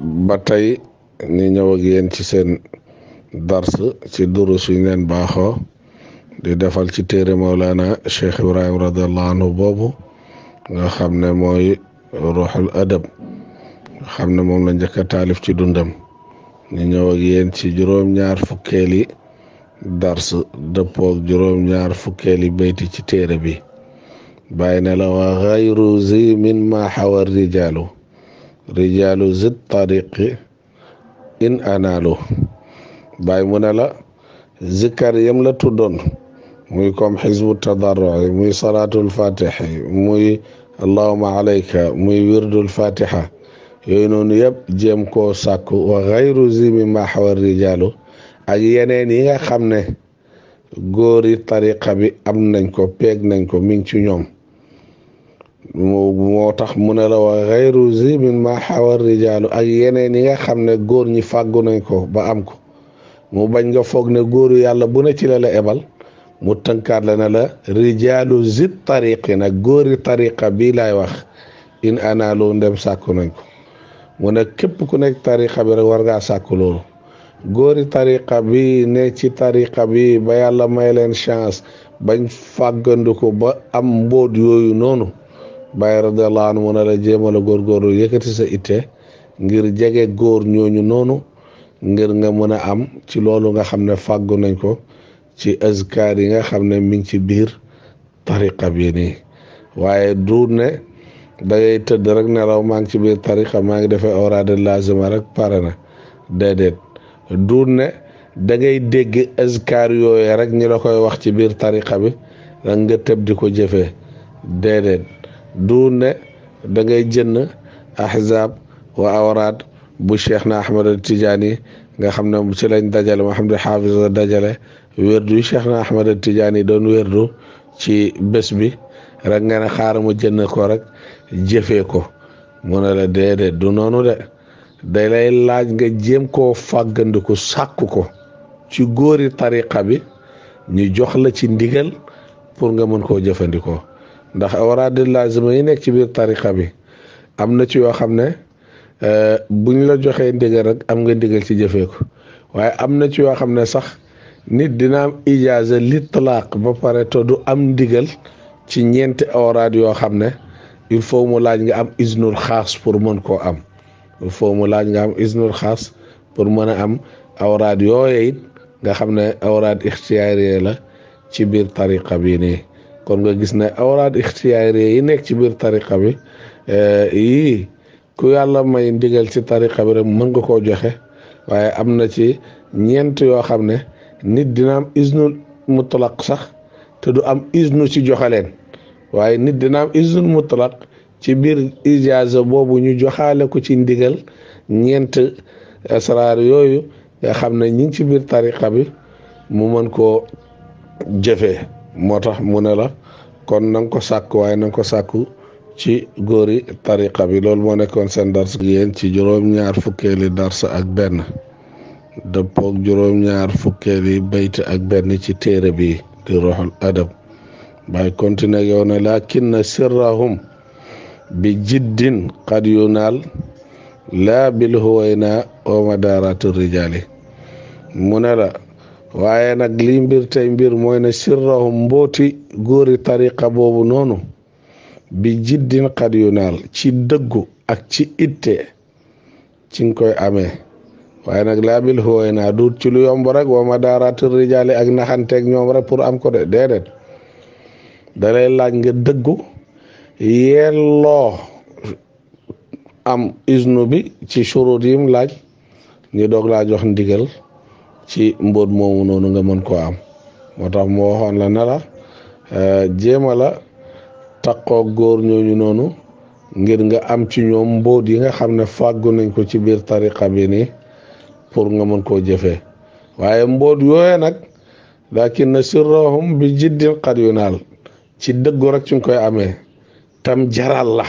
ba tey ni ñëw ak yéen ci seen dars ci durus yi leen baaxoo di defal ci téere Mawlana Cheikh Ibrahim radiallahu anhu boobu nga xam ne mooy ruuxul adab nga xam ne moom la njëkk a taalif ci dundam ñu ñëw ak yéen ci juróom-ñaar fukkeeli dars dëppoog juróom-ñaar fukkeeli bayti ci téere bi bàyyi ne la waa xayru zi min ma xawar rijaalu rijaalu zid tariqi in anaalu bàyyi mu ne la zikkar yam la tuddoon muy comme xisbu tadarrui muy salaatul fatihi muy allahuma alayka muy wirdul fatiha yooyu noonu yëpp jéem koo sàkku wa xayru zimi maxwa rijaalu ak yeneen yi nga xam ne góori tariqa bi am nañ ko peeg nañ ko mi ngi ci ñoom moo tax mu ne la wa xayru zi min ma xawar rijaalu ak yeneen yi nga xam ne góor ñi fàggu nañ ko ba am ko mu bañ nga foog ne góoru yàlla bu ne ci la la ebal mu tënkaat la ne la rijaalu zi tariqi nag góori tariqa bii laay wax in anaalu ndem sàkku nañ ko mu ne képp ku nekk tariqa bi rek war ngaa sàkku loolu góori tariqa bi ne ci tariqa bi ba yàlla may leen chance bañ fàggandiku ba am mbóot yooyu noonu bàyyi radiallahu anhu mu ne la jéemal a góorgóorlu yëkkati sa itte ngir jege góor ñooñu noonu ngir nga mën a am ci loolu nga xam ne fàggu nañ ko ci azkaar yi nga xam ne mi ngi ci biir tariqa bi ni waaye duut ne da tëdd rek nelaw maa ngi ci biir tariqa maa ngi defe defee awraade lazima rek pare na déedéet du ne da ngay dégg azkaar yooyu rek ñi la koy wax ci biir tariqa bi rek nga tëb ko jëfee déedéet du ne dangay ngay jënd ahzab wa awraad bu cheikh na ahmad tijaani nga xam ne ci lañ dajale Muhammad Xaafis dajale wérdu yi cheikh na ahmad tijaani doon wérdu ci bés bi rek nga ne xaaral ma jënd ko rek jëfe ko mu ne la déedéet du noonu de day lay laaj nga jéem koo fàggandiku sàkku ko ci góori tariqa bi ñu jox la ci ndigal pour nga mën koo jëfandikoo ndax awraadi laazima yi nekk ci biir tariqa bi am na ci yoo xam ne euh, buñ la joxee ndigal rek am nga ndigal ci jëfee ko waaye am na ci yoo xam ne sax nit dina am ijaaza litlaaq ba pare to du am ndigal ci ñeenti awraad yoo xam ne il faut mu laaj nga am isnul xaas pour mën koo am il faut mu laaj nga am isnul xaas pour mën a am awraad yooye it nga xam ne awraad ixtiyaari la ci biir tariqa bi nii kon nga gis ne awraad ixtiyaari yi nekk ci biir tariqa bi eh, yii ku yàlla may ndigal ci tariqa bi rek mën nga koo joxe waaye am na ci ñeent yoo xam ne nit dina am isnu mutlaq sax te du am isnu ci joxe leen waaye nit dina am isnu mutlaq ci biir ijaaza boobu ñu joxaale ko ci ndigal ñeent eh, asraar yooyu nga xam ne ñi ci biir tariqa bi mu mën koo jëfee moo tax mu ne la kon nan ko sàkk waaye na ko sàkku ci góori tariqa bi lool moo nekkoon seen dars yéen ci juróom-ñaar fukkeeli dars ak benn dëppoog juróom-ñaar fukkeeli bayt ak benn ci téere bi di roxul adab bay continuer yow ne lakinna sirrahum bi jiddin qad yunaal laa bil huwayna wa madaaratu rijaali mu ne la waye nak limbirte mbir moy na sirrahum mboti gori tariqa bobu nonu bi jiddin qad yunal ci deggu ak ci itte ci ngoy amé waye nak labil hoyna du ci lu yomb rek wa madarat rijali ak naxante ak ñom rek pour am ko de dedet dalay laaj nga deggu yello am iznu bi ci shurudim laaj ni dog la jox ndigal ci mboot moomu noonu nga mën koo am moo tax mu waxoon la ne la eh, jéema la taqoo góor ñooñu noonu ngir nga am ci ñoom mboot yi nga xam ne fàggu nañ ko ci biir tariqa bi nii pour nga mën koo jëfe waaye mboot yooye nag lakinna sirrahum bi jiddin xat yu naal ci dëggu rek ci nga koy amee tam jaral la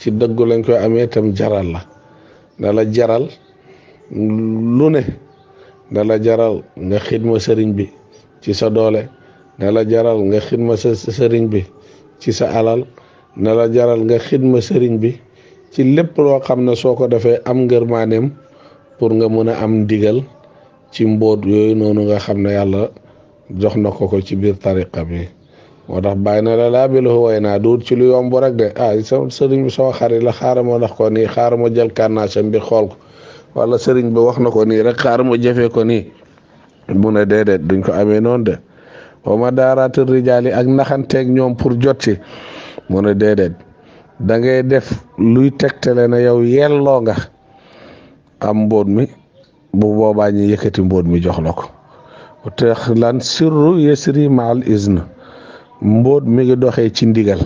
ci dëggu lañ koy amee tam jaral la da la jaral lu ne na la jaral nga xidma sëriñ bi ci sa doole na la jaral nga xidma sa sëriñ bi ci sa alal na la jaral nga xidma sëriñ bi ci lépp loo xam ne soo ko defee am ngërmaaneem pour nga mën a am ndigal ci mbóot yooyu noonu nga xam ne yàlla jox na ko ko ci biir tariqa bi moo tax bàyyi na la laa bi way naa duut ci lu yomb rek de ah sa sëriñ bi soo xarit la xaaral ma ndax ko nii xaaral ma jël kànnaasam bi xool ko wala sëriñ ba wax na ko nii rek xaar moo jëfee ko nii mu ne déedéet duñ ko amee noon de wa ma daaraatu rijaali ak naxanteeg ñoom pour jot ci mu ne déedéet da ngay def luy tegtele na yow yelloo nga am mbóot mi bu boobaa ñi yëkkati mi jox la ko te lan sirru yasri maal izn mbóot mi ngi doxee ci ndigal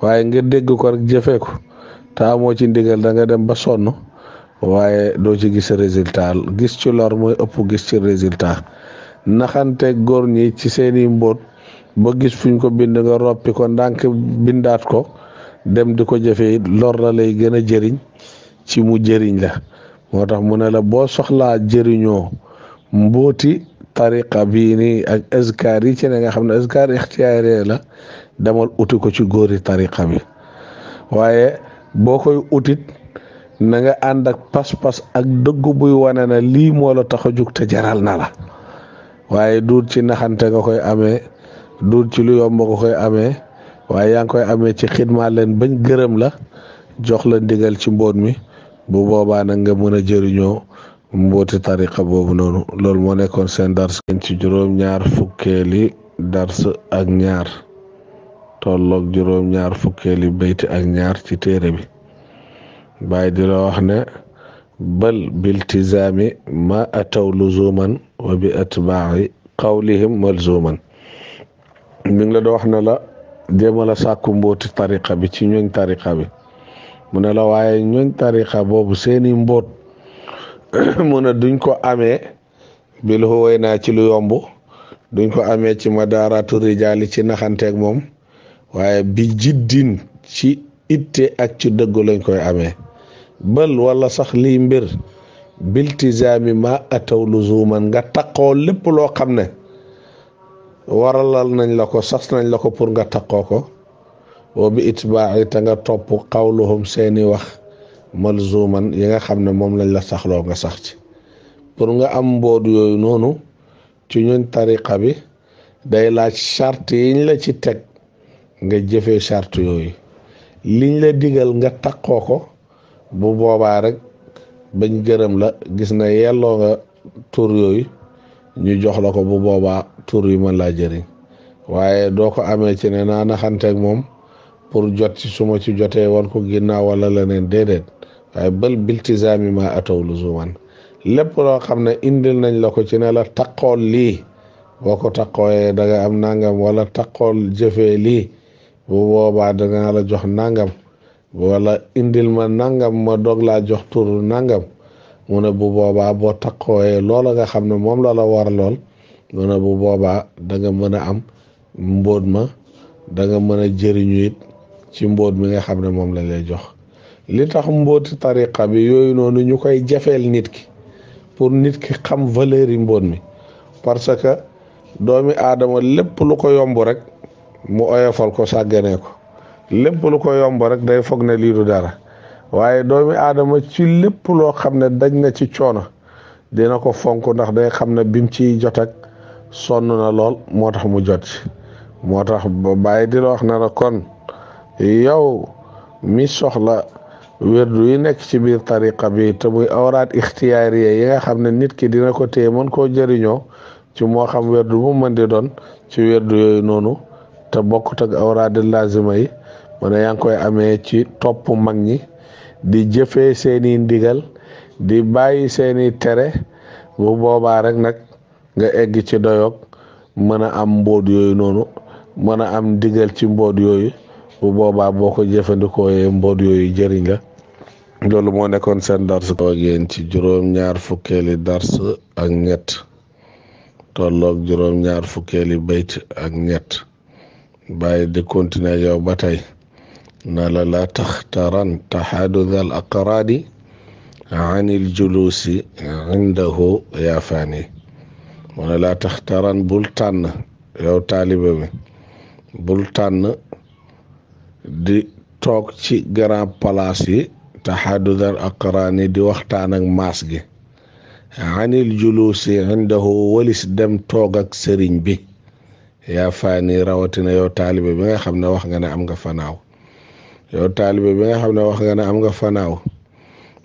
waaye nga dégg ko rek jëfee ko ta amoo ci ndigal da dem ba sonn waaye doo ci gis résultat gis ci lor mooy ëpp gis ci résultat naxante góor ñi ci seeni mboot ba gis fuñ ko bind nga roppi ko ndànk bindaat ko dem di ko jëfee lor la lay gën a jëriñ ci mu jëriñ la moo tax mu ne la boo soxlaa jëriñoo mbóoti tariqa bii ni ak azkar yi ci ne nga xam ne azkar ixtiyaare la demal uti ko ci góori tariqa bi waaye boo koy utit na nga ànd ak pas-pas ak dëggu buy wane na lii moo la tax a jug te jaral na la waaye duut ci naxante nga koy amee duut ci lu yomb nga koy amee waaye yaa ngi koy amee ci xidmaa leen bañ gërëm la jox la ndigal ci mboot mi bu boobaa nag nga mën a jëriñoo mbóoti tariqa boobu noonu loolu moo nekkoon seen dars ci juróom-ñaar fukkeeli dars ak ñaar tolloog juróom-ñaar fukkeeli bayti ak ñaar ci téere bi bàyyi di la wax ne bal biltizaami ma ataw luzuman wa bi atbaai qawlihim malzuman mi ngi la do wax ne la jéema la sàkku mbooti tariqa bi ci ñooñ tariqa bi mu ne la waaye ñooñ tariqa boobu seeni mboot mu ne duñ ko amee bil huway naa ci lu yomb duñ ko amee ci madaaratu rijaali ci naxanteeg moom waaye bi jiddin ci itte ak ci dëggu lañ koy amee bal walla sax lii mbir biltizaami ma ataw luzuman nga taqoo lépp loo xam ne waralal nañ la ko sas nañ la ko pour nga takkoo ko wa bi itbaaxi te nga topp xawluhum seeni wax malzuman yi nga xam ne moom lañ la saxloo nga sax ci pour nga am mbood yooyu noonu ci ñun tariqa bi day laaj charte yiñ la ci teg nga jëfe charte yooyu liñ la digal nga takkoo ko bu boobaa rek bañ gërëm la gis na yelloo nga yooyu ñu jox la ko bu boobaa tur yi mën laa jëriñ waaye doo ko amee ci ne naa moom pour jot ci suma ci jotee wan ko ginnaaw wala leneen déedéet waaye bël biltisaami ma ataw zuman lépp loo xam ne indil nañ la ko ci ne la taqool lii boo ko taqooyee da am nangam wala taqool jëfee lii bu boobaa danaa la jox nangam wala indil ma nangam ma dog laa jox tuur nangam mu bu boobaa boo lool a nga xam ne moom la la war lool mu bu boobaa danga mën a am mbóot ma danga mën a jëriñu it ci mbóot mi nga xam ne moom la lay jox li tax mbóoti tariqa bi yooyu noonu ñu koy jafeel nit ki pour nit ki xam valeur yi mbóot mi parce que doomi aadama lépp lu ko yomb rek mu oyofal ko sàgganee ko lépp lu ko yomb rek day foog ne lii du dara waaye doomi aadama ci lépp loo xam ne daj na ci coono dina ko fonk ndax day xam ne bim ci jot ak sonn na lool moo tax mu jot ci moo tax bàyyi di la kon yow mi soxla wérdu yi nekk ci biir tariqa bi te muy awraat ixtiyaariya xam ne nit ki dina ko téye mën koo jëriñoo ci moo xam mu mën di doon ci wérdu yooyu noonu te bokkut ak awraat lazima yi mu ne yaa ngi koy amee ci topp mag ñi di jëfe seeni ndigal di bàyyi seeni tere bu boobaa rek nag nga egg ci doyok mën a am mbóot noonu mën a am ndigal ci mbóot yooyu bu boobaa boo ko jëfandikoo yee mbóot yooyu jëriñ la loolu moo nekkoon seen dars ko ak yéen ci juróom-ñaar fukkeeli dars ak ñett tolloog juróom-ñaar fukkeeli bayt ak ñett bàyyi di continuer yow ba tey na la laa taxtaran taxaaduda al aqraadi an il juluusi indahu yaa faani mu laa tax taran tànn yow taaliba bi bul tànn di toog ci grand place yi taxaaduda al aqraani di waxtaan ak maas gi anil juluusi indahu walis dem toog ak sëriñ bi yaa faani rawatina yow taaliba bi nga xam ne wax nga ne am nga fanaaw yow taalibe bi nga xam ne wax nga ne am nga fanaaw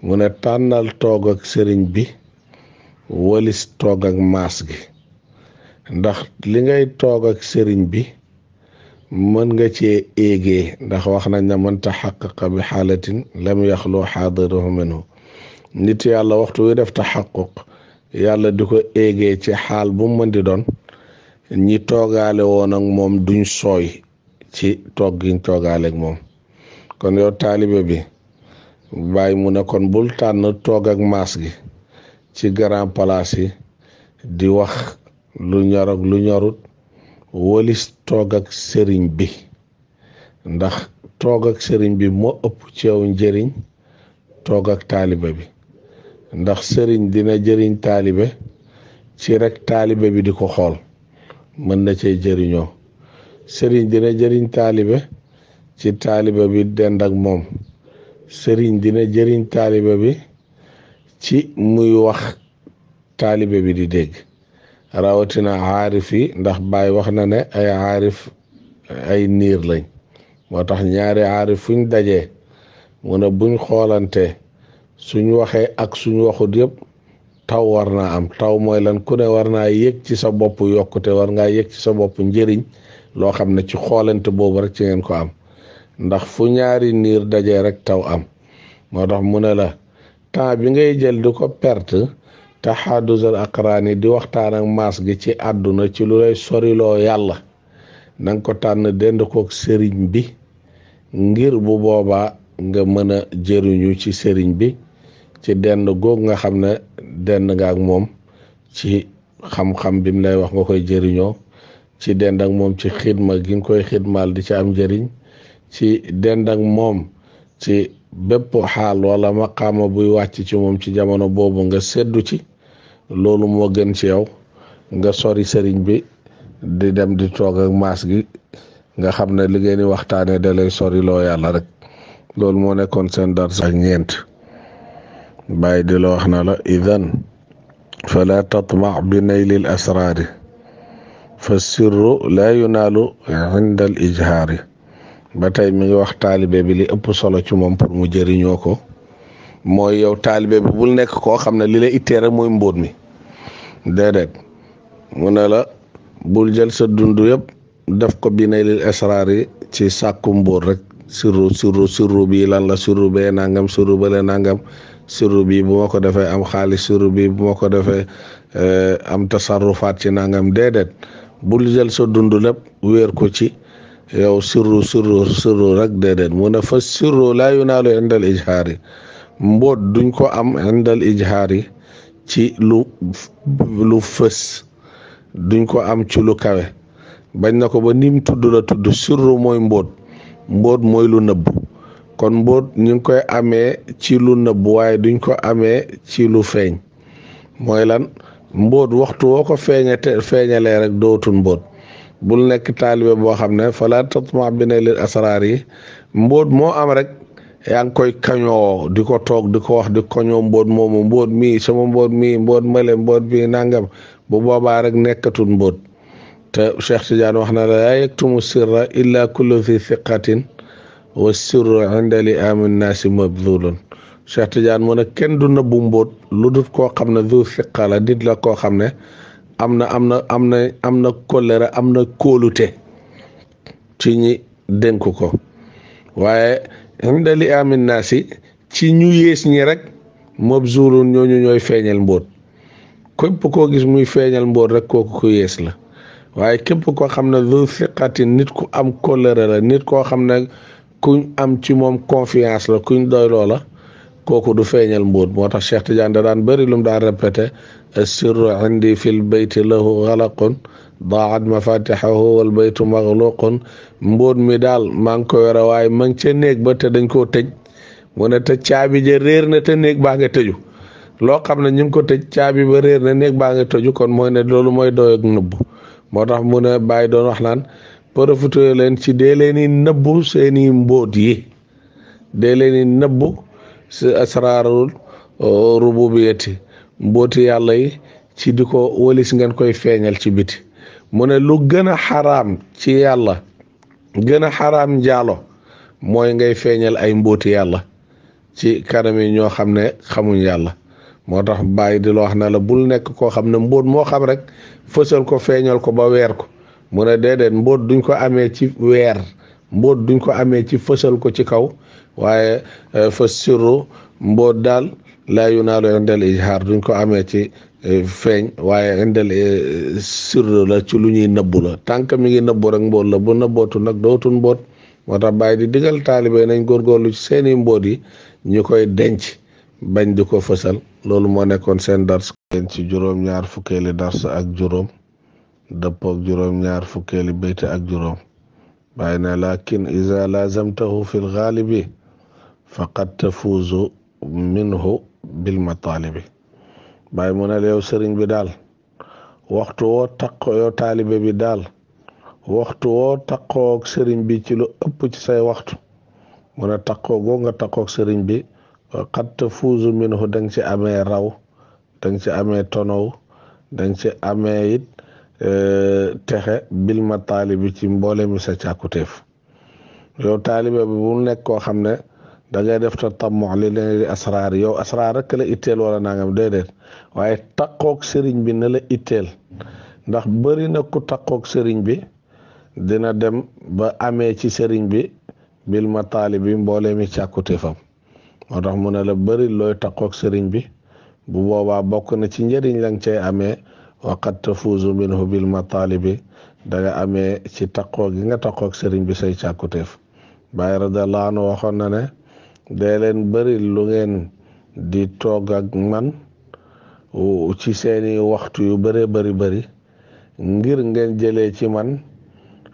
mu ne tànnal toog ak sëriñ bi walis toog ak maas gi ndax li ngay toog ak sëriñ bi mën nga cee éegee ndax wax nañ ne mën taxaqaqa bi xaalatin lam yaxloo xaadiruhu minhu nit yàlla waxtu wi def taxaquq yàlla di ko éegee ci xaal bu mën di doon ñi toogaale woon ak moom duñ sooy ci toog giñ toogaale moom kon yow taalibe bi bàyyi mu ne kon bul tànn toog ak maas gi ci grand palaas yi di wax lu ñor lu ñorut wëlis toog ak sëriñ bi ndax toog ak sëriñ bi moo ëpp ci yow njëriñ toog ak taalibe bi ndax sëriñ dina jëriñ taalibe ci rek taalibe bi di ko xool mën na cee jëriñoo sëriñ dina jëriñ taalibe ci taaliba bi dend ak moom sëriñ dina jëriñ taaliba bi ci muy wax taalibe bi di dégg rawatina aarif yi ndax baay wax na ne ay aarif ay niir lañ moo tax ñaari aarif fuñ dajee mu ne buñ xoolante suñ waxee ak suñ waxut yëpp taw war naa am taw mooy lan ku ne war naa yëg ci sa bopp yokkute war nga yëg ci sa bopp njëriñ loo xam ne ci xoolante boobu rek ci ngeen ko am ndax fu ñaari niir daje rek taw am moo tax mu ne la temps bi ngay jël di ko perte taxadusal aqraani di waxtaan ak maas gi ci àdduna ci lu lay soriloo yàlla na nga ko tànn dend kook sëriñ bi ngir bu boobaa nga mën a jëriñu ci sëriñ bi ci dend goog nga xam ne dend nga ak moom ci xam-xam bi mu lay wax nga koy jëriñoo ci dend ak moom ci xidma gi nga koy xidmaal di ci am jëriñ ci dend ak moom ci bépp xaal wala maqaama buy wàcc ci moom ci jamono boobu nga seddu ci loolu moo gën ci yow nga sori sëriñ bi di dem di toog ak maas gi nga xam ne li ngeen di waxtaanee da lay sori loo yàlla rek loolu moo nekkoon seen dar sax ñeent bàyyi di la wax na la idan fala tatma bi naylil asraari fa sirru laa yunaalu inda al ba tey mi ngi wax taalibe bi li ëpp solo ci moom pour mu jëriñoo ko mooy yow taalibe bi bul nekk koo xam ne li la ittee rek mooy mbóot mi déedéet mu ne la bul jël sa dund yëpp def ko bi nay lil esraar ci sàkku mbóot rek sirru sirru sirru bii lan la sirru bee nangam sirru balee nangam sirru bii bu ma ko defee am xaalis sirru bii bu ma ko defee eh, am tasarrufaat ci nangam déedéet bul jël sa dundu lépp wéer ko ci yow sirru sirru sirru rek déedéet mu ne fa sirru laa yunaalu indal ijhaari mboot duñ ko am indal ijhaari ci lu lu fës duñ ko am ci lu kawe bañ na ko ba nim tudd la tudd sirru mooy mboot mboot mooy lu nëbb kon mboot ñu ngi koy amee ci lu nëbb waaye duñ ko amee ci lu feeñ mooy lan mboot waxtu woo ko feeñate feeñalee rek dootul mboot bul nekk taalibe boo xam ne fala tatma bi ne lil yi mbóot moo am rek yaa ngi koy kañoo di ko toog di ko wax di kañoo mboot moomu mboot mii sama mboot mii mboot male mboot bii nangam bu boobaa rek nekkatul mboot te Cheikh Tidiane wax na la laa yaktumu sirra illa kullu fi thiqatin wa sirru inda amin naasi mabdulun Cheikh Tidiane mu ne kenn du nëbbu mboot lu dut koo xam ne du thiqa la la koo xam ne am na am na am na am na kollëre am na kóolute ci ñi dénk ko waaye inda li amin naasi ci ñu yées ñi rek mob zulun ñooñu ñooy feeñal mbóot képp koo gis muy feeñal mbóot rek kooku ku yées la waaye képp koo xam ne lu siqati nit ku am kollëre la nit koo xam ne kuñ am ci moom confiance la kuñ doyloo la kooku du feeñal mbóot moo tax Cheikh Tidiane da daan bëri lu mu daan répété السر عندي في البيت له غلق ضاعت مفاتحه والبيت مغلوق mbóot mi daal maa ngi ko yore waaye ma ngi ca néeg ba te dañ koo tëj mu ne te caabi ja réer na te néeg baa nga tëju loo xam ne ñu ngi ko tëj caabi ba réer na néeg baa nga tëju kon mooy ne loolu mooy doy ak nëbbu moo tax mu ne bàyyi doon wax naan profité leen ci dee leen i nëbbu seeni mbóot yi dee leen i nëbbu si asraarul uh, rububiyati mbooti yàlla yi ci di ko walis ngeen koy feeñal ci biti mu ne lu gën a xaraam ci yàlla gën a xaraam njaalo mooy ngay feeñal ay mbooti yàlla ci kanam yi ñoo xam ne xamuñ yàlla moo tax bàyyi di la wax na la bul nekk koo xam ne mbóot moo xam rek fësal ko feeñal ko ba weer ko mu ne déedéet mbóot duñ ko amee ci weer mbóot duñ ko amee ci fësal ko ci kaw waaye euh, fa sirru mbóot daal laa yunaalu indal ijhaar duñ ko amee ci eh, feeñ waaye indal eh, sirr la ci lu ñuy nëbbu la tànk mi ngi nëbbu rek mboot la bu nëbbootu nag dootul mboot moo tax di digal taalibe nañ góorgóorlu ci seeni mboot yi ñu koy denc bañ di ko fësal loolu moo nekkoon seen dars ci juróom-ñaar fukkeeli dars ak juróom dëppook juróom-ñaar fukkeeli béyte ak juróom bàyyi na lakin iza lazamtahu fi bilma talibe bay mo nale yow serigne bi dal waxtu wo takko yo talibe bi dal waxtu wo takko ak serigne bi ci lu upp ci say waxtu mo na takko go nga takko ak serigne bi qad tafuzu minhu dang ci amé raw dang ci amé tono dang ci amé it euh texe bilma talibe ci mbolé mi sa ci akutef yo talibe bi bu nek ko xamne dangay ngay def ta tammox li leen di asraar yow asraar rek la itteel wala nangam waaye takkook sëriñ bi na la itteel ndax bari na ku takkook sëriñ bi dina dem ba amee ci sëriñ bi bil ma taali bi mboolee mi càkkute fam moo tax mu ne la bari looy takkook sëriñ bi bu boobaa bokk na ci njëriñ la nga cay amee waqat tafuuzu minhu bil ma taali bi danga ame ci takkoo gi nga takkook sëriñ bi say càkkuteef Baay radiyallaahu anhu waxoon na ne deleen bari lu ngeen di toog ak man ci seeni waxtu yu bare bari bari ngir ngeen jëlee ci man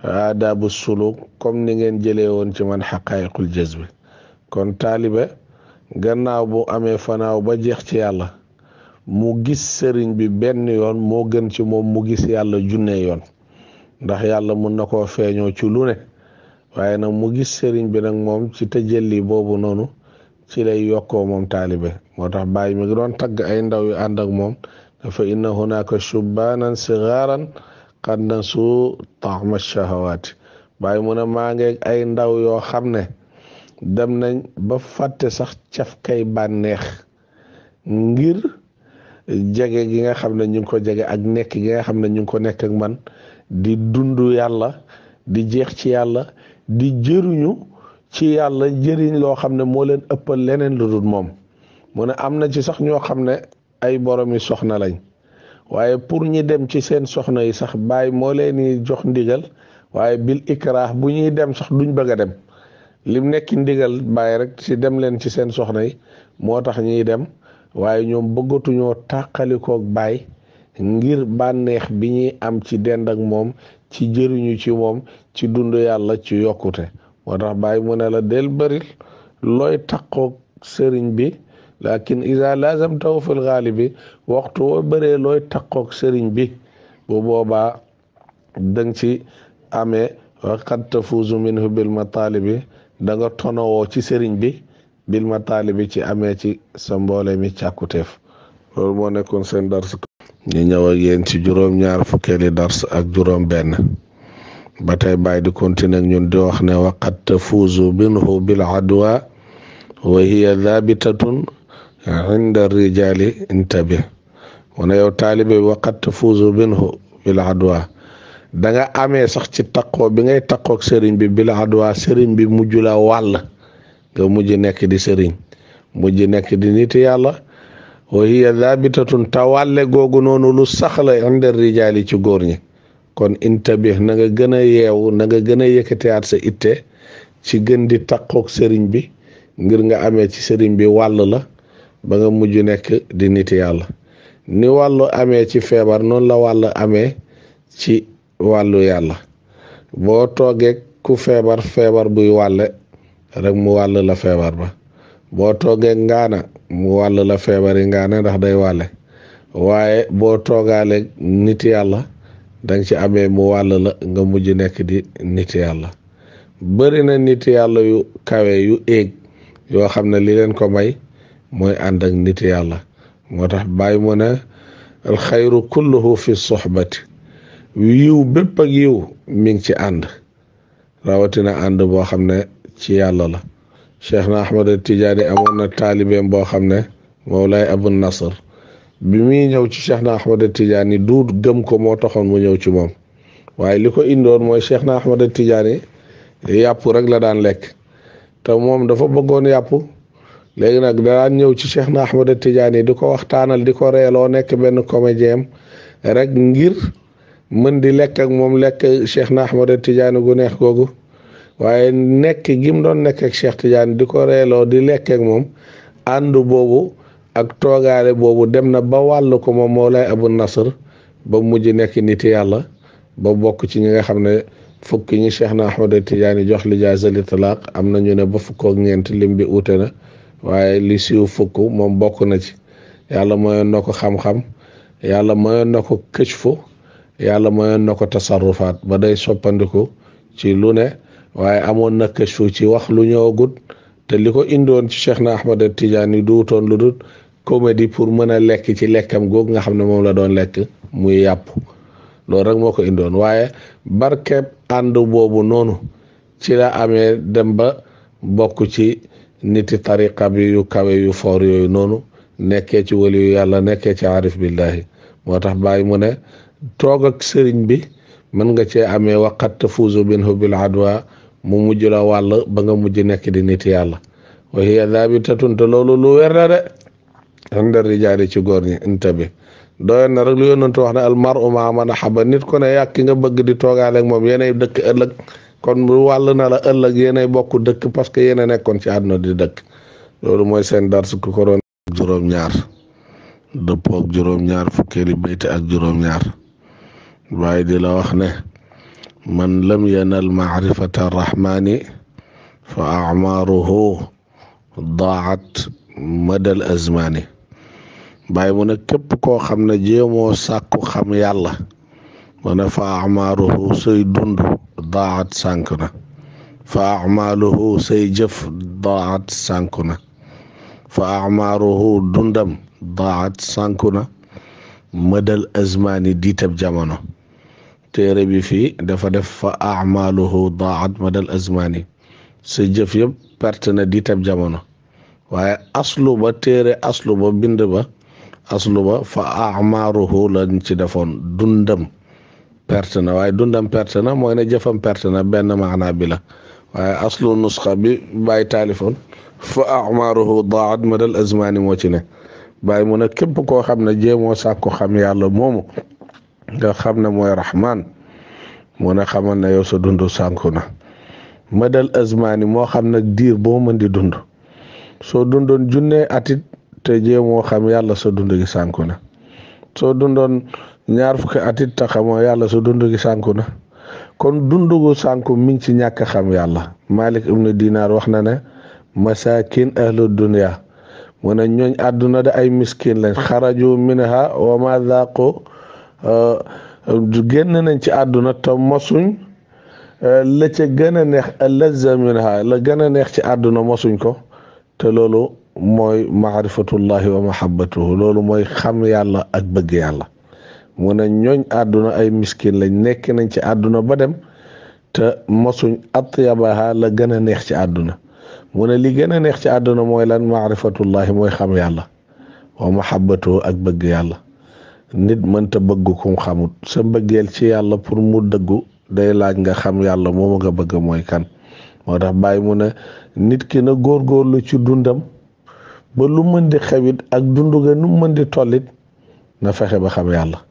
adabu suluk comme ni ngeen jëlee woon ci man xaqaiqul jazbi kon taalibe gannaaw bu amee fanaaw ba jeex ci yàlla mu gis sëriñ bi benn yoon moo gën ci moom mu gis yàlla junne yoon ndax yàlla mun na koo feeñoo ci lu ne waaye nag mu gis sëriñ bi nag moom ci tëjëli boobu noonu ci lay yokko moom taalibe moo tax baay mi ngi doon tagg ay ndaw yoo ànd ak moom dafa inna hunaka shubbaanan sigaaran qad su taxma shahawaati bàyyi mu na maa ngi ay ndaw yoo xam ne dem nañ ba fàtte sax caf kay bànneex ngir jege gi nga xam ne ñu ngi ko jege ak nekk gi nga xam ne ñu ngi ko nekk ak man di dund yàlla di jeex ci yàlla di jëriñu ci yàlla jëriñ loo xam ne moo leen ëppal leneen lu dul moom mu ne am na ci sax ñoo xam ne ay boromi soxna lañ waaye pour ñi dem ci seen soxna yi sax bàyyi moo leen jox ndigal waaye bil ikrah bu ñuy dem sax duñ bëgg a dem lim nekk ndigal bàyyi rek ci dem leen ci seen soxna yi moo tax ñuy dem waaye ñoom bëggatuñoo tàqalikoog bàyyi ngir bànneex bi ñuy am ci dend ak moom ci jëriñu ci moom ci dund yàlla ci yokkute moo tax bàyyi ne la del bëril looy takkoog sëriñ bi lakin isa lazam taw fil xaali bi waxtu woo bëree looy takkoog sëriñ bi bu boobaa dang ci amee xad tonowoo ci sëriñ bi bil bi ci amee ci sa mboole mi càkkuteef loolu moo nekkoon seen dars ñu ñëw ak ci juróom-ñaar fukkeeli dars ak juróom benn ba tey bàyyi di continuer ak ñun di wax ne waqad tafuuzu minhu bil adwa wa hiya dhabitatun inda rijali intabih mu ne yow taalibe bi waqad tafuuzu minhu bil adwa da nga sax ci taqoo bi ngay taqoog sëriñ bi bil adwa sëriñ bi mujj la wàll nga mujj nekk di sëriñ mujj nekk yàlla wa hiya dhabitatun tawàlle googu noonu lu sax la inda rijali ci góor ñi kon intabih na nanga gën a yeewu nanga nga gën a yëkkateyaat sa itte ci gën di takkook sëriñ bi ngir nga amee ci sëriñ bi wàll la ba nga mujj nekk di nit yàlla ni wàllu amee ci feebar noon la wàll amee ci wàllu yàlla boo toogee ku feebar feebar buy wàlle rek mu wàll la feebar ba boo toogee ngaana mu wàll la feebar yi ngaana ndax day wàlle waaye boo toogaaleeg nit yàlla dang ci amee mu wàll la nga mujj nekk di nit yàlla bëri na nit yàlla yu kawe yu éeg yoo xam ne li leen ko may mooy ànd ak nit yàlla moo tax bàyyi mu ne alxayru kulluhu fi soxbati yiw bépp ak yiw mi ngi ci ànd rawatina ànd boo xam ne ci yàlla la cheikh na ahmad tijaani amoon na taalibeem boo xam ne moolay abu nasr bi muy ñëw ci Cheikh na Ahmad Tidiane du gëm ko moo taxoon mu ñëw ci moom waaye li ko indoon mooy Cheikh na Ahmad Tidiane yàpp rek la daan lekk te moom dafa bëggoon yàpp léegi nag daan ñëw ci Cheikh na Ahmad Tidiane di ko waxtaanal di ko reeloo nekk benn comédien rek ngir mën di lekk ak moom lekk Cheikh na Ahmad Tidiane gu neex googu waaye nekk gi mu doon nekk ak Cheikh Tidiane di ko reeloo di lekk ak moom ànd boobu. ak toogaale boobu dem na ba wàll ko moom moo Mawlaay Abu Nasr ba mujj nekk nit yàlla ba bokk ci ñi nga xam ne fukki ñi Cheikh na Ahmada Tijaani jox lijaasa li talaaq am na ñu ba fukkook ak ñeent lim bi uute na waaye li siiw fukk moom bokk na ci yàlla mayoon na ko xam-xam yàlla mayoon na ko këcfu yàlla mayoon na ko tasarrufaat ba day soppandiku ci lu ne waaye amoon na këcfu ci wax lu ñëwagut te li ko indi woon ci Cheikh na Ahmada Tijaani duutoon lu dul comédie pour mën a lekk ci lekkam googu nga xam ne moom la doon lekk muy yàpp loolu rek moo ko indoon waaye barkeb ànd boobu noonu ci la amee dem ba bokk ci niti tariqa bi yu kawe yu foor yooyu noonu nekkee ci wali yàlla nekkee ci arif billahi moo tax bàyyi mu ne toog ak sëriñ bi mën nga cee amee waqat tafuuzu minhu bil adwa mu mujj la wàll ba nga mujj nekk di nit yàlla wa hiya dabitatun te loolu lu wér de andar rijaali ci góor ñi inta bi doyoon na rek lu yonantu wax ne al mar'u ma'a man ahabba nit ku ne nga bëgg di toogaale ak moom yéenay dëkk ëllëg kon bu wàll na la ëllëg yéenay bokk dëkk parce que yéen a nekkoon ci àdduna di dëkk loolu mooy seen dars ku ko doon juróom-ñaar dëppoo ak juróom-ñaar fukkeeli bayt ak juróom-ñaar waaye di la wax ne man lam yanal maarifata rahmaani fa amaaruhu daat madal azmaani bàyyi mu ne képp koo xam ne jéemoo sàkku xam yàlla wana ne fa amaaluhu say dund daat sànk na fa amaaluhu say jëf daat sànk na fa amaaruhu dundam daat sànk na mëdal azmaani diitab jamono téere bi fi dafa def fa amaaluhu daat mëdal azmaani say jëf yëpp perte na diitab jamono waaye aslu ba téere aslu ba aslu ba fa amaaruhu lañ ci defoon dundam perte waaye dundam perte na mooy ne jëfam perte na benn maanaa bi la waaye aslu nusxa bi bàyyi taalifoon fa amaaruhu daat azmaani moo ci ne bàyyi mu ne képp koo xam ne jéemoo sàkku xam yàlla moomu nga xam ne mooy rahmaan mu ne xamal ne yow sa dund sànku na madal moo xam nag diir boo mën di dund soo dundoon junne atit te jéemoo xam yàlla so dund gi sànku na soo dundoon ñaar fukki at it yàlla sa dund sànku na kon dund gu sànku mi ci ñàkk xam yàlla Malik ibnu Dinaar wax na ne masakin ahlu dunya mu ne ñooñ àdduna de ay miskin lañ xaraju minha wa ma daqu génn nañ ci àdduna te mosuñ la gën a neex lazza minha la gën a neex ci àdduna mosuñ ko te loolu mooy maarifatullahi wa mahabbatuhu loolu mooy xam yàlla ak bëgg yàlla mu ne ñooñ àdduna ay miskin lañ nekk nañ ci àdduna ba dem te mosuñ atyabaha la gën a neex ci àdduna mu li gën a neex ci àdduna mooy lan maarifatullahi mooy xam yàlla wa mahabbatuhu ak bëgg yàlla nit mënta bëgg kum xamut sa mbëggeel ci yàlla pour mu dëggu day laaj nga xam yàlla moom nga bëgg mooy kan moo tax bàyyi mu ne nit ki na góorgóorlu ci dundam ba lu mën di xewit ak dunduga nu mën di tollit na fexe ba xam yàlla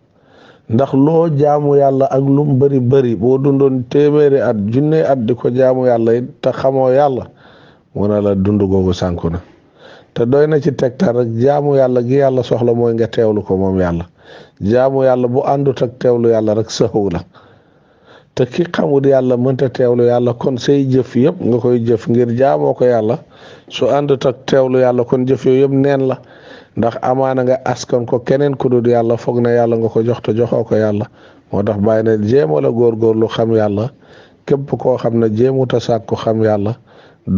ndax loo jaamu yàlla ak lu mu bëri bëri boo dundoon téeméeri at junne at di ko jaamu yàlla te xamoo yàlla mu na la dund googu sànku na te doy na ci tegtal rek jaamu yàlla gi yàlla soxla mooy nga teewlu ko moom yàlla jaamu yàlla bu àndut ak teewlu yàlla rek saxu la te ki xamul yàlla mënta teewlu yàlla kon say jëf yëpp nga koy jëf ngir jaamoo ko yàlla su àndut ak teewlu yàlla kon jëf yooyu yëpp neen la ndax amaa na nga askan ko keneen ku dul yàlla foog na yàlla nga ko jox te joxoo ko yàlla moo tax bàyyi ne jéemal a góorgóorlu xam yàlla képp koo xam ne jéemut a sàkku xam yàlla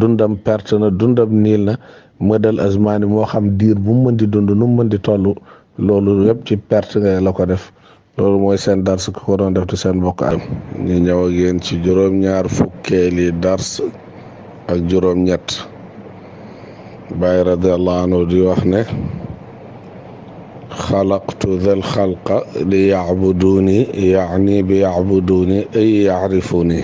dundam perte na dundam niil na mëdal asmaani moo xam diir bu mu mën di dund nu mën di toll loolu yëpp ci perte nga la ko def loolu mooy seen dars ku ko doon def te seen bokk am ñu ñëw ak ci juróom-ñaar fukkeeli dars ak juróom-ñett bàyyi radiallahu anhu di wax ne xalaqtu dhal xalqa li yacbuduuni yaani bi yacbuduuni ay yacrifuuni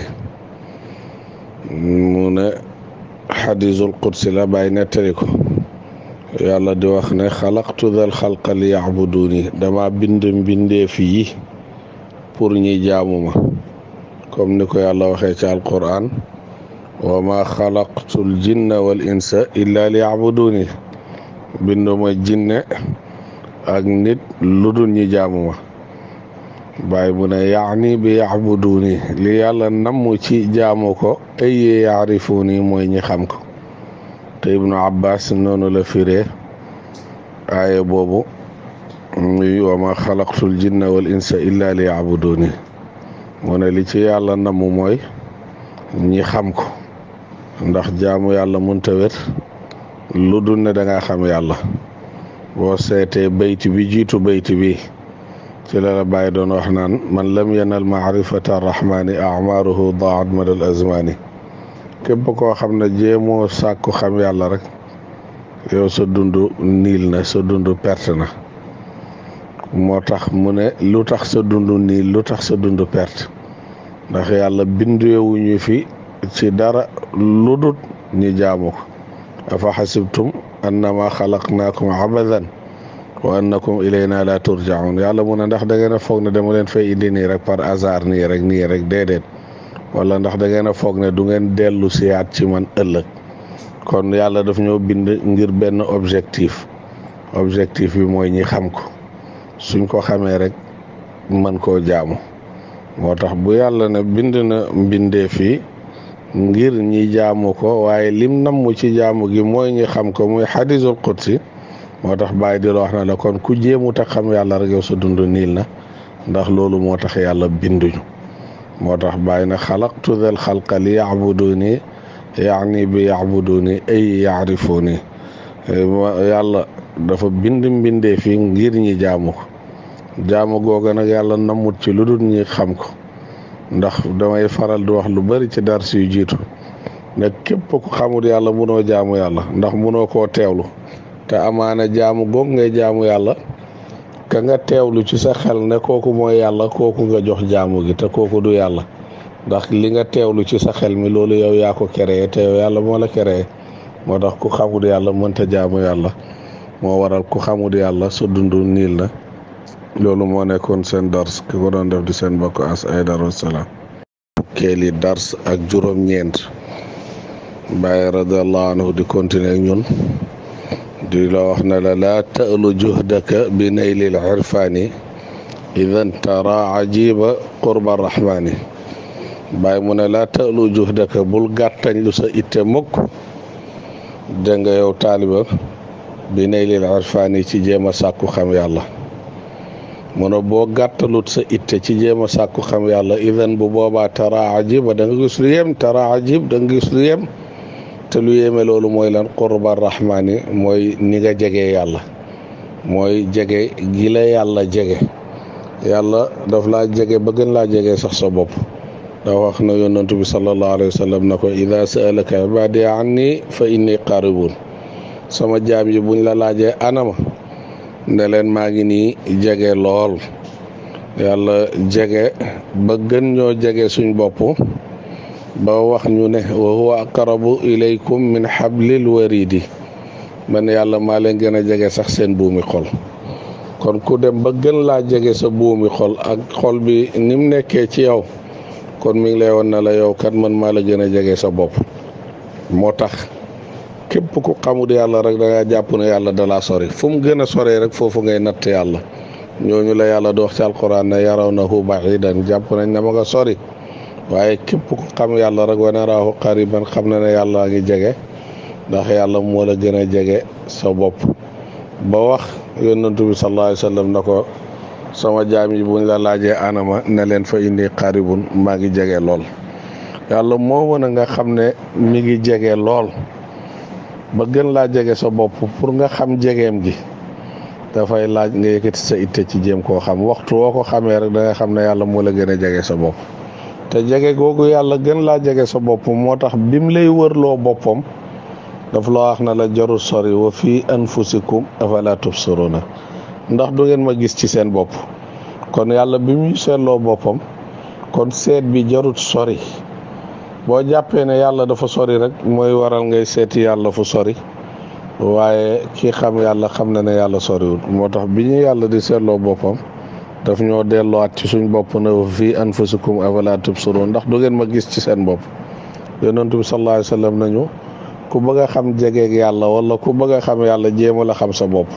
la bàyyi nettali ko yàlla di wax ne xalaqtu dal xalqa li yacbuduni dama bind mbindeef yi pour ñi jaamu ma comme ni ko yàlla waxee ci alquran wa ma xalaqtu l jinna wal insa illa li yacbuduni binduma jinne ak nit lu dul ñi jaamu ma bàyyi bu ne yaani bi yacbuduni li yàlla namm ci jaamu ko ay yaarifuni mooy ñi xam ko te ibnu abbas noonu la firee aaye boobu muy wa ma xalaqtul jinna wal insa illa li yabuduni mu ne li ci yàlla namm mooy ñi xam ko ndax jaamu yàlla mënta wér lu dul ne danga xam yàlla boo seetee bayti bi jiitu bayti bi ci la la bàyyi doon wax naan man lam yanal maarifata arrahmani amaaruhu daat madal azmani képp ko xam ne jéemoo sàkku xam yàlla rek yow sa dund niil na sa dund perte na moo tax mu ne lu tax sa dund niil lu tax sa dund perte ndax yàlla bindeewuñu fi ci dara lu dut ñi jaamu ko afa xasibtum annama xalaqnaakum abadan wa annakum ilayna la turjaun yàlla mu ne ndax da ngeen a foog ne dama leen fay indi nii rek par hasard nii rek nii rek déedéet wala ndax da ngeen a foog ne du ngeen dellu siyaat ci man ëllëg kon yàlla daf ñoo bind ngir benn objectif objectif bi mooy ñi xam ko suñ ko xamee rek mën koo jaamu moo tax bu yàlla ne bind na mbindee fii ngir ñi jaamu ko waaye lim namm ci jaamu gi mooy ñi xam ko muy xadisul qudsi moo tax bàyyi di la wax na la kon ku jéemu ta xam yàlla rek yow sa dund niil na ndax loolu moo tax yàlla binduñu moo tax bàyyi na xalaqtu del xalqa li yacbuduni yaani bi yacbuduni ay yacrifuni yàlla dafa bind mbindee fi ngir ñi jaamu ko jaamu googa nag yàlla namut ci lu dul ñi xam ko ndax damay faral di wax lu bari ci dars yu jiitu ne képp ku xamul yàlla munoo jaamu yàlla ndax munoo koo teewlu te amaana jaamu goog ngay jaamu yàlla ka nga teewlu ci sa xel ne kooku mooy yàlla kooku nga jox jaamu gi te kooku du yàlla ndax li nga teewlu ci sa xel mi loolu yow yaa ko te yow yàlla moo la créé moo tax ku xamul yàlla mënta jaamu yàlla moo waral ku xamul yàlla su dundu niil la loolu moo nekkoon seen dars ki ko doon def di seen mbokk as ay dara dars ak juróom-ñeent Baye radiallahu anhu di continuer ñun di la wax na la laa juhdaka bi naylil idan tara ajiba qurba rahmaani bàyyi mu ne laa ta'lu juhdaka bul gàttañ lu sa itte mukk dégg nga taaliba bi naylil ci jéem a sàkku xam yàlla bo ne boo gàttalut itte ci jéem a sàkku xam yàlla idan bu boba tara ajiba da nga tara ajib da nga te lu yéeme loolu mooy lan qurba rahmaani mooy ni nga jegee yàlla mooy jege gi yàlla jege yàlla daf laa jege ba gën laa jege sax sa bopp da wax na yonantu bi sallallahu alayhi wa sallam na ko ida saalaka ibaadi anni fa inni qaribun sama jaam yi buñ la laaje anama ne leen maa ngi nii jege lool yàlla jege ba gën ñoo jege suñ bopp ba wax ñu ne wa huwa aqrabu ilaykum min xablil di man yàlla maa leen gën a jege sax seen buumi xol kon ku dem ba gën laa jege sa buumi xol ak xol bi ni mu nekkee ci yow kon mi ngi lay woon na la yow kan man maa la gën a jege sa bopp moo tax képp ku xamut yàlla rek da ngaa jàpp na yàlla da laa sori fu mu gën a soree rek foofu ngay natt yàlla ñooñu la yàlla di wax ci alquran ne yaraw nahu ba'idan jàpp nañ ne ma nga sori waaye képp ku xam yàlla rek wane raahu qariban xam na ne yàlla ngi jege ndax yàlla moo la gën a jege sa bopp boo wax yonent bi sallallahu alayhi wa sallam na ko ma jaam yi buñ la laajee anama ne leen fa indi qaribun maa ngi jege lool yàlla moo mën nga xam ne mi ngi jege lool ba gën laa jege sa bopp pour nga xam jegeem gi dafay laaj nga yëkkati sa itte ci jéem koo xam waxtu woo ko xamee rek da nga xam ne yàlla moo la gën a jege sa bopp te jege googu yàlla gën laa jege sa bopp moo tax bim lay wërloo boppam daf la wax na la jarul sori wa fii anfusikum afala tubsiruna ndax du ngeen ma gis ci seen bopp kon yàlla bi muy seetloo boppam kon seet bi jarut sori boo jàppee ne yàlla dafa sori rek mooy waral ngay seeti yàlla fu sori waaye ki xam yàlla xam na ne yàlla soriwul moo tax bi ñu yàlla di seetloo boppam daf ñoo delluwaat ci suñ bopp na an anfusikum afala tubsirun ndax du ngeen ma gis ci seen bopp yonent bi sallallahu alayhi wa nañu ku bëgg a xam jegeeg yàlla wala ku bëgg a xam yàlla jéema la xam sa bopp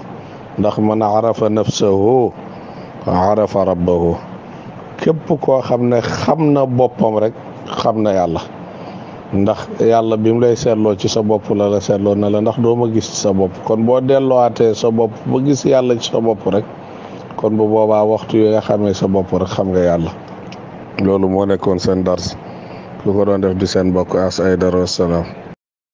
ndax man arafa nafsahu arafa rabbahu képp ko xam ne xam na boppam rek xam na yàlla ndax yàlla bi mu lay seetloo ci sa bopp la la seetloo na la ndax doo ma gis sa bopp kon boo delloowaatee sa bopp boo gis yàlla ci sa bopp rek kon bu boobaa waxtu yi nga xamee sa bopp rek xam yàlla loolu moo nekkoon seen dars lu ko doon def di seen bokk as ay dara salaam